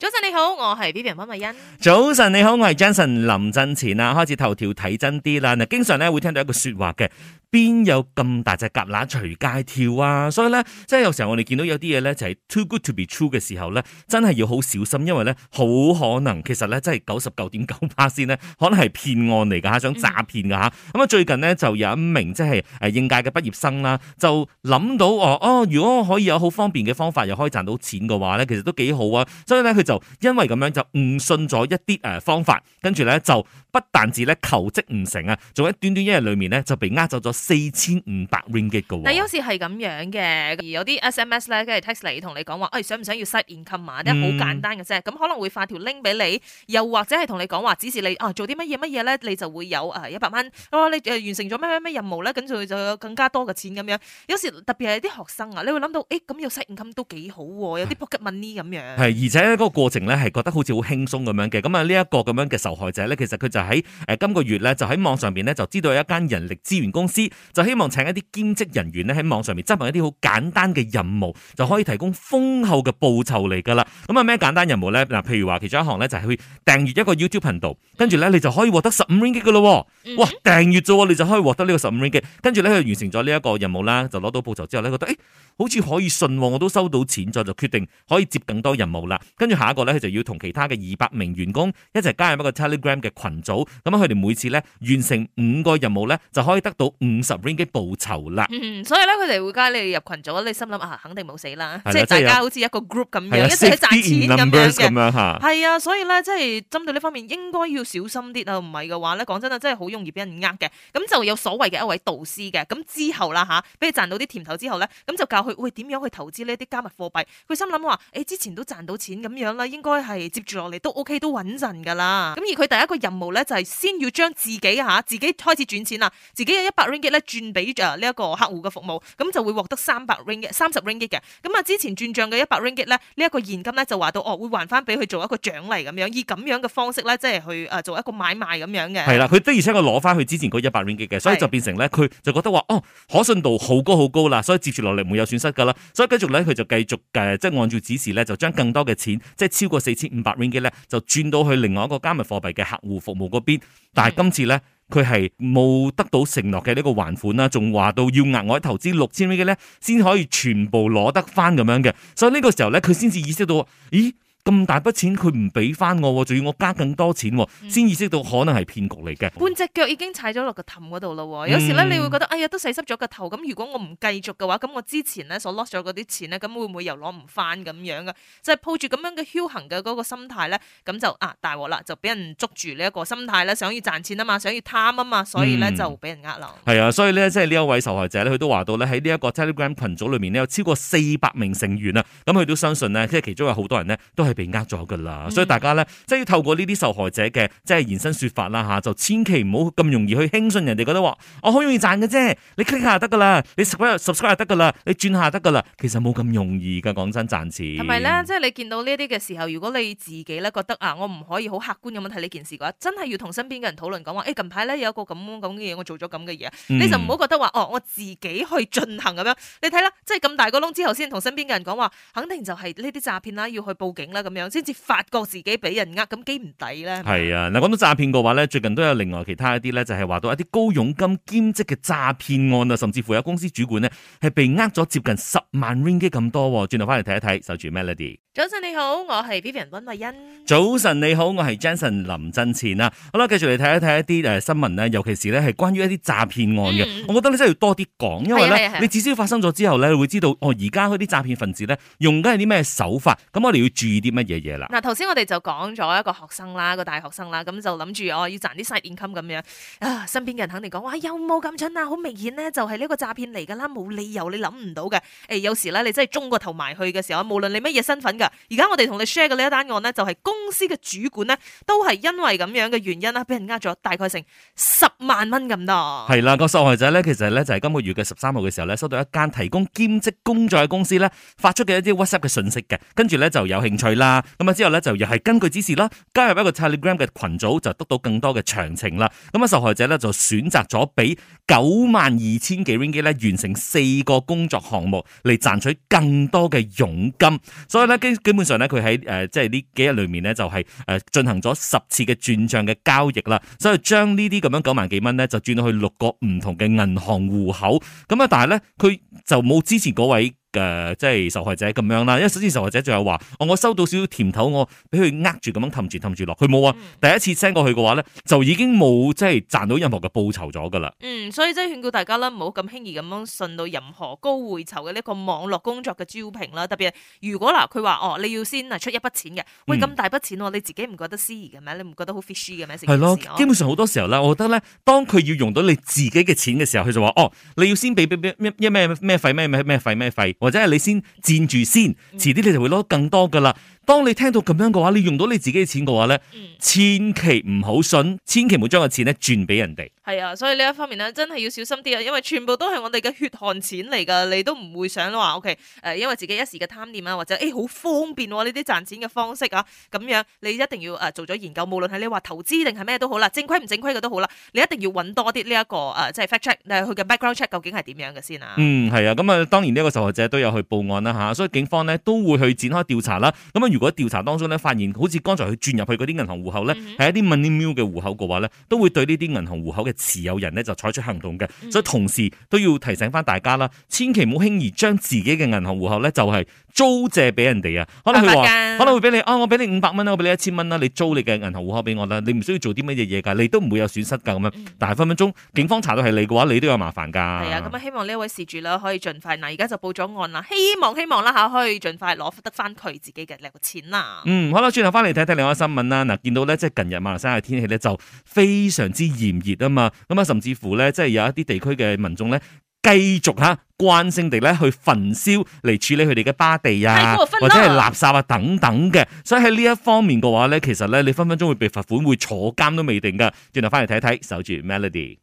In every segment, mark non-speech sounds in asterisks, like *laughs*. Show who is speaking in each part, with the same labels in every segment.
Speaker 1: 早晨你好，我係 Melody 溫美欣。
Speaker 2: 早晨你好，我係 Jensen 林振前啊，開始頭條睇真啲啦。嗱，經常咧會聽到一個說話嘅。邊有咁大隻蛤乸隨街跳啊？所以咧，即係有時候我哋見到有啲嘢咧，就係 too good to be true 嘅時候咧，真係要好小心，因為咧，好可能其實咧，即係九十九點九趴先呢，可能係騙案嚟噶吓，想詐騙噶吓。咁、嗯、啊，最近呢，就有一名即係誒應屆嘅畢業生啦，就諗到哦哦，如果我可以有好方便嘅方法，又可以賺到錢嘅話咧，其實都幾好啊。所以咧，佢就因為咁樣就誤信咗一啲誒方法，跟住咧就不但止咧求職唔成啊，仲喺短短一日裏面咧就被呃走咗。四千五百 Ringgit 嘅 i 但
Speaker 1: 有時係咁樣嘅，而有啲 SMS 咧，跟住 text 你同你講話，誒、哎、想唔想要 side income 啊？真係好簡單嘅啫，咁可能會發條 link 俾你，又或者係同你講話，指示你啊做啲乜嘢乜嘢咧，你就會有誒一百蚊。你完成咗乜乜乜任務咧，跟住就有更加多嘅錢咁樣。有時特別係啲學生啊，你會諗到，誒咁要 side income 都幾好喎，有啲 pocket money 呢咁樣。
Speaker 2: 係，而且個過程咧係覺得好似好輕鬆咁樣嘅。咁啊呢一個咁樣嘅受害者咧，其實佢就喺誒今個月咧就喺網上邊咧就知道有一間人力資源公司。就希望請一啲兼職人員咧，喺網上面執行一啲好簡單嘅任務，就可以提供豐厚嘅報酬嚟噶啦。咁啊咩簡單任務呢？嗱，譬如話其中一行呢，就係去訂閱一個 YouTube 頻道，跟住呢，你就可以獲得十五 ringgit 噶咯。哇，訂閱咗你就可以獲得呢個十五 ringgit，跟住呢，佢完成咗呢一個任務啦，就攞到報酬之後呢，覺得誒。欸好似可以信喎、哦，我都收到錢，再就決定可以接更多任務啦。跟住下一個咧，佢就要同其他嘅二百名員工一齊加入一個 Telegram 嘅群組，咁佢哋每次咧完成五個任務咧，就可以得到五十 ringgit 報酬啦、嗯。
Speaker 1: 所以咧，佢哋會加你入群組，你心諗啊，肯定冇死啦，即係大家好似一個 group 咁樣，一齊去賺錢咁樣嘅，係啊，所以咧，即、就、係、是、針對呢方面應該要小心啲啊，唔係嘅話咧，講真啊，真係好容易俾人呃嘅。咁就有所謂嘅一位導師嘅，咁之後啦嚇，俾、啊、你賺到啲甜頭之後咧，咁就教佢。佢會點樣去投資呢啲加密貨幣？佢心諗話，誒，之前都賺到錢咁樣啦，應該係接住落嚟都 OK、都穩陣噶啦。咁而佢第一個任務咧，就係先要將自己吓自己開始轉錢啦，自己嘅一百 ringgit 咧轉俾呢一個客戶嘅服務，咁就會獲得三百 ring 三十 ringgit 嘅。咁啊，之前轉賬嘅一百 ringgit 咧，呢一個現金咧就話到哦，會還翻俾佢做一個獎勵咁樣，以咁樣嘅方式咧，即係去誒做一個買賣咁樣嘅。係啦，佢
Speaker 2: 的係而且佢攞翻佢之前嗰一百 ringgit 嘅，所以就變成咧，佢就覺得話哦，可信度好高好高啦，所以接住落嚟冇有損噶啦，所以繼續咧，佢就繼續誒，即係按照指示咧，就將更多嘅錢，即係超過四千五百 ringgit 咧，就轉到去另外一個加密貨幣嘅客戶服務嗰邊。但係今次咧，佢係冇得到承諾嘅呢個還款啦，仲話到要額外投資六千 ringgit 咧，先可以全部攞得翻咁樣嘅。所以呢個時候咧，佢先至意識到，咦？咁大筆錢佢唔俾翻我，仲要我加更多錢，先、嗯、意識到可能係騙局嚟嘅。
Speaker 1: 半隻腳已經踩咗落個氹嗰度咯，有時咧你會覺得哎呀都洗濕咗個頭，咁如果我唔繼續嘅話，咁我之前咧所 loss 咗嗰啲錢咧，咁會唔會又攞唔翻咁樣嘅？就係、是、抱住咁樣嘅僥幸嘅嗰個心態咧，咁就啊大鑊啦，就俾人捉住呢一個心態咧，想要賺錢啊嘛，想要貪啊嘛，所以咧就俾人呃啦。
Speaker 2: 係、嗯、啊，所以咧即係呢一位受害者咧，佢都話到咧喺呢一個 Telegram 群組裏面咧有超過四百名成員啊，咁佢都相信呢，即係其中有好多人呢。都係。被呃咗噶啦，所以大家咧，即係透過呢啲受害者嘅即係延伸說法啦吓，就千祈唔好咁容易去輕信人哋覺得話，我好容易賺嘅啫，你傾下得噶啦，你十 u b s c r i 得噶啦，你轉下得噶啦，其實冇咁容易噶，講真賺錢係咪咧？
Speaker 1: 即係你見到呢啲嘅時候，如果你自己咧覺得啊，我唔可以好客觀咁樣睇呢件事嘅話，真係要同身邊嘅人討論講話，誒，欸、近排咧有一個咁樣咁嘅嘢，我做咗咁嘅嘢，你就唔好覺得話，哦，我自己去進行咁樣，你睇啦，即係咁大個窿之後先同身邊嘅人講話，肯定就係呢啲詐騙啦，要去報警啦。咁樣先至發覺自己俾人呃，咁幾唔抵咧。
Speaker 2: 係啊，嗱，講到詐騙嘅話咧，最近都有另外其他一啲咧，就係話到一啲高佣金兼職嘅詐騙案啊，甚至乎有公司主管呢，係被呃咗接近十萬 ringgit 咁多。轉頭翻嚟睇一睇，守住 Melody。
Speaker 1: 早晨你好，我係 Vivian 溫慧欣。
Speaker 2: 早晨你好，我係 Janson 林振前啊。好啦，繼續嚟睇一睇一啲誒新聞呢，尤其是咧係關於一啲詐騙案嘅，嗯。我覺得你真係要多啲講，因為咧你至少發生咗之後咧會知道，哦，而家嗰啲詐騙分子咧用緊係啲咩手法，咁我哋要注意啲。乜嘢嘢啦？
Speaker 1: 嗱，頭先我哋就講咗一個學生啦，一個大學生啦，咁、嗯、就諗住哦，要賺啲 side income 咁樣啊，身邊嘅人肯定講哇，有冇咁蠢啊？好明顯呢，就係、是、呢個詐騙嚟噶啦，冇理由你諗唔到嘅。誒、欸，有時咧，你真係中個頭埋去嘅時候，無論你乜嘢身份噶。而家我哋同你 share 嘅呢一單案呢，就係、是、公司嘅主管呢，都係因為咁樣嘅原因啦，俾人呃咗大概成十萬蚊咁多。
Speaker 2: 係啦，個受害者呢，其實呢，就係、是、今個月嘅十三號嘅時候呢，收到一間提供兼職工作嘅公司呢，發出嘅一啲 WhatsApp 嘅信息嘅，跟住呢，就有興趣。啦，咁啊之後咧，就又係根據指示啦，加入一個 Telegram 嘅群組，就得到更多嘅詳情啦。咁啊受害者咧，就選擇咗俾九萬二千幾 Ringgit 咧，完成四個工作項目，嚟賺取更多嘅佣金。所以咧，基基本上咧，佢喺誒即係呢幾日裏面咧，就係、是、誒、呃、進行咗十次嘅轉賬嘅交易啦，所以將呢啲咁樣九萬幾蚊咧，就轉到去六個唔同嘅銀行戶口。咁啊但係咧，佢就冇支持嗰位。誒，即係受害者咁樣啦。因為首先受害者仲有話，哦，我收到少少甜頭，我俾佢呃住咁樣氹住氹住落。佢冇啊。第一次 send 過去嘅話咧，就已經冇即係賺到任何嘅報酬咗噶啦。嗯，
Speaker 1: 所以即係勸告大家啦，唔好咁輕易咁樣信到任何高回酬嘅呢個網絡工作嘅招聘啦。特別如果嗱，佢話哦，你要先出一筆錢嘅、嗯，喂，咁大筆錢，你自己唔覺得思疑嘅咩？你唔覺得好 fishy 嘅咩？係咯，基本
Speaker 2: 上好多時候啦，我覺得咧，當佢要用到你自己嘅錢嘅時候，佢就話哦，你要先俾俾俾咩咩咩咩費咩咩咩費咩費。或者係你先占住先，遲啲你就會攞更多噶啦。當你聽到咁樣嘅話，你用到你自己嘅錢嘅話咧，千祈唔好信，千祈唔好將個錢咧轉俾人哋。
Speaker 1: 係啊，所以呢一方面咧，真係要小心啲啊，因為全部都係我哋嘅血汗錢嚟噶，你都唔會想咯話，OK，誒、呃，因為自己一時嘅貪念啊，或者誒好、欸、方便呢啲賺錢嘅方式啊，咁樣你一定要誒做咗研究，無論係你話投資定係咩都好啦，正規唔正規嘅都好啦，你一定要揾多啲呢一、這個誒即係 fact check 佢、呃、嘅 background check 究竟係點樣嘅先啊。嗯，
Speaker 2: 係啊，咁啊，當然呢個受害者都有去報案啦吓、啊，所以警方咧都會去展開調查啦。咁啊如果調查當中咧，發現好似剛才佢轉入去嗰啲銀行戶口咧，係一啲 money mule 嘅戶口嘅話咧，都會對呢啲銀行戶口嘅持有人咧就採取行動嘅，所以同時都要提醒返大家啦，千祈唔好輕易將自己嘅銀行戶口咧就係、是。租借俾人哋啊，可能佢話，可能會俾你啊，我俾你五百蚊啦，我俾你一千蚊啦，你租你嘅銀行戶口俾我啦，你唔需要做啲乜嘢嘢噶，你都唔會有損失噶咁樣。但係分分鐘，警方查到係你嘅話，你都有麻煩噶。係啊，咁啊，
Speaker 1: 希望呢位事主啦，可以盡快。嗱，而家就報咗案啦，希望希望啦吓，可以盡快攞得翻佢自己嘅錢啦。
Speaker 2: 嗯，好啦，轉頭翻嚟睇睇另外新聞啦。嗱、嗯，看見到咧，即係近日馬來西亞嘅天氣咧，就非常之炎熱啊嘛。咁啊，甚至乎咧，即係有一啲地區嘅民眾咧。繼續吓慣性地咧去焚燒嚟處理佢哋嘅巴地啊，或者係垃圾啊等等嘅，所以喺呢一方面嘅話咧，其實咧，你分分鐘會被罰款，會坐監都未定噶。轉頭翻嚟睇睇，守住 Melody。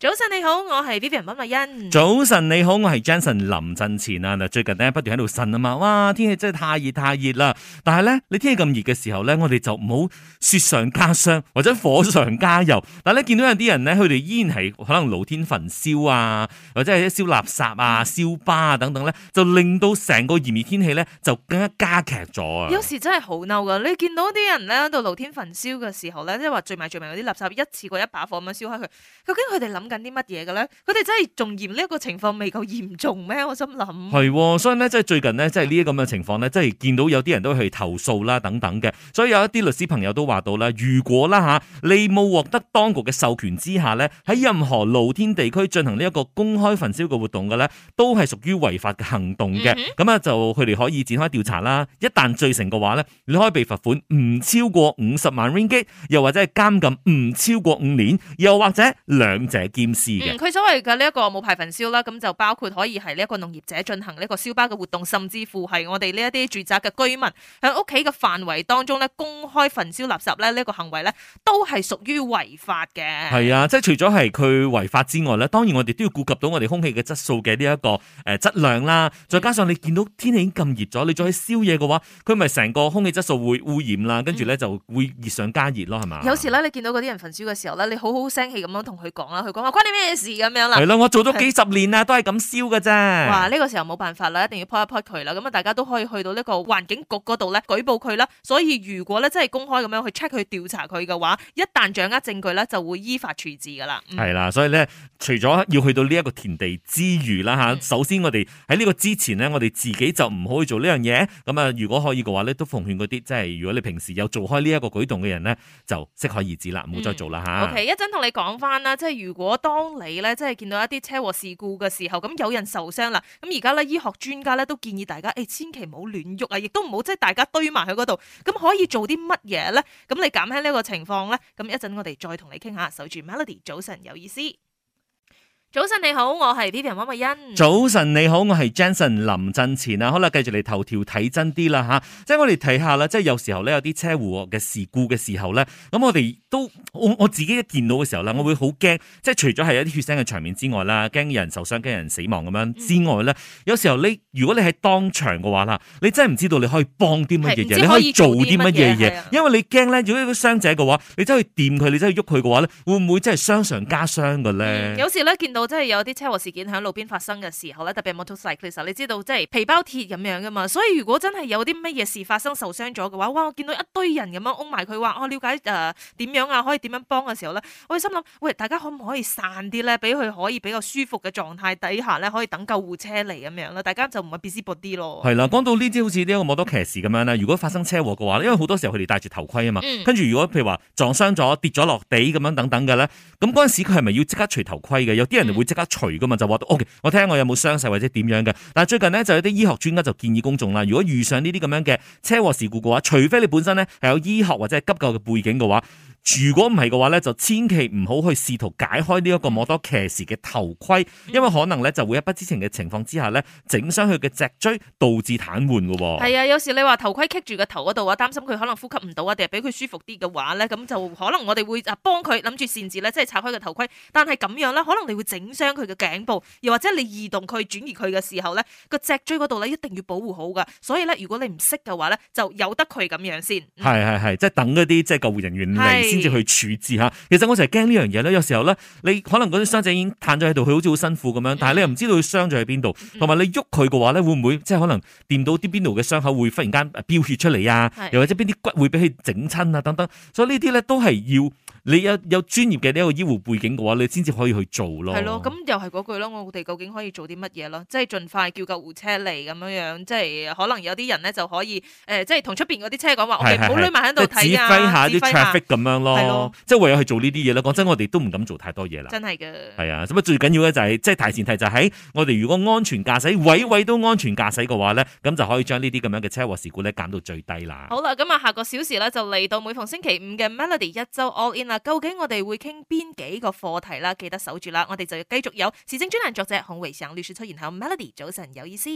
Speaker 1: 早晨你好，我係 Vivian 林密恩。
Speaker 2: 早晨你好，我係 Jansen 林振前啊！嗱，最近呢不斷喺度呻啊嘛，哇！天氣真係太熱太熱啦！但係咧，你天氣咁熱嘅時候咧，我哋就唔好雪上加霜或者火上加油。但係咧，見到有啲人咧，佢哋煙氣可能露天焚燒啊，或者係一燒垃圾啊、燒巴啊等等咧，就令到成個炎熱天氣咧就更加加劇咗啊！有
Speaker 1: 時真係好嬲噶，你見到啲人咧喺度露天焚燒嘅時候咧，即係話聚埋聚埋嗰啲垃圾，一次過一把火咁樣燒開佢，究竟佢哋諗？緊啲乜嘢嘅咧？佢哋真係仲嫌呢一個情況未夠嚴重咩？我心諗係、
Speaker 2: 哦，所以咧即係最近呢，即係呢啲咁嘅情況咧，即係見到有啲人都去投訴啦，等等嘅。所以有一啲律師朋友都話到啦，如果啦吓、啊、你冇獲得當局嘅授權之下咧，喺任何露天地區進行呢一個公開焚燒嘅活動嘅咧，都係屬於違法嘅行動嘅。咁、嗯、啊，就佢哋可以展開調查啦。一旦罪成嘅話咧，你可以被罰款唔超過五十萬 ringgit，又或者係監禁唔超過五年，又或者兩者嘅、嗯，佢
Speaker 1: 所謂嘅呢一個冇牌焚燒啦，咁就包括可以係呢一個農業者進行呢一個燒包嘅活動，甚至乎係我哋呢一啲住宅嘅居民喺屋企嘅範圍當中咧，公開焚燒垃圾咧呢個行為咧，都係屬於違法嘅。係啊，即
Speaker 2: 係除咗係佢違法之外咧，當然我哋都要顧及到我哋空氣嘅質素嘅呢一個誒質量啦。再加上你見到天氣咁熱咗，你再喺燒嘢嘅話，佢咪成個空氣質素會污染啦，跟住咧就會熱上加熱咯，係嘛？有
Speaker 1: 時咧，你見到嗰啲人焚燒嘅時候咧，你好好聲氣咁樣同佢講啦，佢講。關你咩事咁樣啦？係啦，我做咗幾十
Speaker 2: 年啦， *laughs* 都係咁燒嘅啫。哇！呢、這
Speaker 1: 個時候冇辦法啦，一定要潑一潑佢啦。咁啊，大家都可以去到呢個環境局嗰度咧，舉報佢啦。所以如果咧真係公開咁樣去 check、去調查佢嘅話，一旦掌握證據咧，就會依法處置噶啦。係、嗯、
Speaker 2: 啦，所以咧，除咗要去到呢一個田地之餘啦，吓、嗯，首先我哋喺呢個之前咧，我哋自己就唔可以做呢樣嘢。咁啊，如果可以嘅話咧，都奉勸嗰啲即係，如果你平時有做開呢一個舉動嘅人咧，就適可而止啦，唔好再做啦吓、嗯。OK，一
Speaker 1: 陣同你講翻啦，即係如果。我當你咧，即係見到一啲車禍事故嘅時候，咁有人受傷啦。咁而家咧，醫學專家咧都建議大家，誒、哎，千祈唔好亂喐啊，亦都唔好即係大家堆埋喺嗰度。咁可以做啲乜嘢咧？咁你減輕呢個情況咧？咁一陣我哋再同你傾下，守住 Melody，早晨有意思。早晨你好，我係 Melody 溫慧欣。
Speaker 2: 早晨你好，我係 Jenson 林振前啊。好啦，繼續嚟頭條睇真啲啦吓，即係我哋睇下啦。即係有時候咧，有啲車禍嘅事故嘅時候咧，咁我哋都我，我自己一見到嘅時候啦，我會好驚。即係除咗係有啲血腥嘅場面之外啦，驚人受傷，驚人死亡咁樣之外咧、嗯，有時候你如果你喺當場嘅話啦，你真係唔知道你可以幫啲乜嘢嘢，你可以做啲乜嘢嘢。因為你驚咧，如果一個傷者嘅話，你真係掂佢，你真係喐佢嘅話咧，會唔會真係傷上加傷嘅咧？有時咧見到。
Speaker 1: 即係有啲車禍事件喺路邊發生嘅時候咧，特別摩托車嘅時候你知道即係皮包鐵咁樣噶嘛？所以如果真係有啲乜嘢事發生受傷咗嘅話，哇！我見到一堆人咁樣擁埋佢話，我、啊、了解誒點、呃、樣啊，可以點樣幫嘅時候咧，我心諗喂，大家可唔可以散啲咧，俾佢可以比較舒服嘅狀態底下咧，可以等救護車嚟，咁樣啦，大家就唔咪必 u s 啲咯。
Speaker 2: 係啦，講到呢啲好似呢個摩托騎士咁樣啦，如果發生車禍嘅話，因為好多時候佢哋戴住頭盔啊嘛，跟住如果譬如話撞傷咗跌咗落地咁樣等等嘅咧，咁嗰陣時佢係咪要即刻除頭盔嘅？有啲人。會即刻除㗎嘛？就話到，OK，我聽下我有冇傷勢或者點樣嘅。但係最近呢，就有啲醫學專家就建議公眾啦，如果遇上呢啲咁樣嘅車禍事故嘅話，除非你本身呢係有醫學或者係急救嘅背景嘅話。如果唔係嘅話咧，就千祈唔好去試圖解開呢一個摩多騎士嘅頭盔，因為可能咧就會喺不知情嘅情況之下咧，整傷佢嘅脊椎，導致癱瘓嘅。係
Speaker 1: 啊，有時你話頭盔棘住個頭嗰度啊，擔心佢可能呼吸唔到啊，定係俾佢舒服啲嘅話咧，咁就可能我哋會啊幫佢諗住擅自咧，即係拆開個頭盔。但係咁樣咧，可能你會整傷佢嘅頸部，又或者你移動佢轉移佢嘅時候咧，個脊椎嗰度咧一定要保護好噶。所以咧，如果你唔識嘅話咧，就由得佢咁樣先。係
Speaker 2: 係係，即係等嗰啲即係救護人員嚟去處置吓，其實我成日驚呢樣嘢咧，有時候咧，你可能嗰啲傷者已經嘆咗喺度，佢好似好辛苦咁樣，但係你又唔知道佢傷咗喺邊度，同埋你喐佢嘅話咧，會唔會即係可能掂到啲邊度嘅傷口會忽然間飆血出嚟啊，又或者邊啲骨會俾佢整親啊等等，所以呢啲咧都係要。你有有專業嘅呢一個醫護背景嘅話，你先至可以去做咯。係咯，
Speaker 1: 咁又係嗰句啦。我哋究竟可以做啲乜嘢咯？即係盡快叫救護車嚟咁樣樣，即係可能有啲人咧就可以誒、呃，即係同出邊嗰啲車講話，對，對，對我哋好耐埋喺度睇啊，指揮一下啲 traffic
Speaker 2: 咁樣咯，咯即係唯有去做呢啲嘢啦。講真，我哋都唔敢做太多嘢啦。真係嘅。係啊，咁啊最緊要咧就係、是、即係提前提就喺、是、我哋如果安全駕駛，位位都安全駕駛嘅話咧，咁就可以將呢啲咁樣嘅車禍事故咧減到最低啦。
Speaker 1: 好啦，咁啊下個小時咧就嚟到每逢星期五嘅 Melody 一周 All In 啊。究竟我哋會傾邊幾個課題啦？記得守住啦，我哋就要繼續有時政專欄作者孔維上論述出現，然後 Melody 早晨有意思。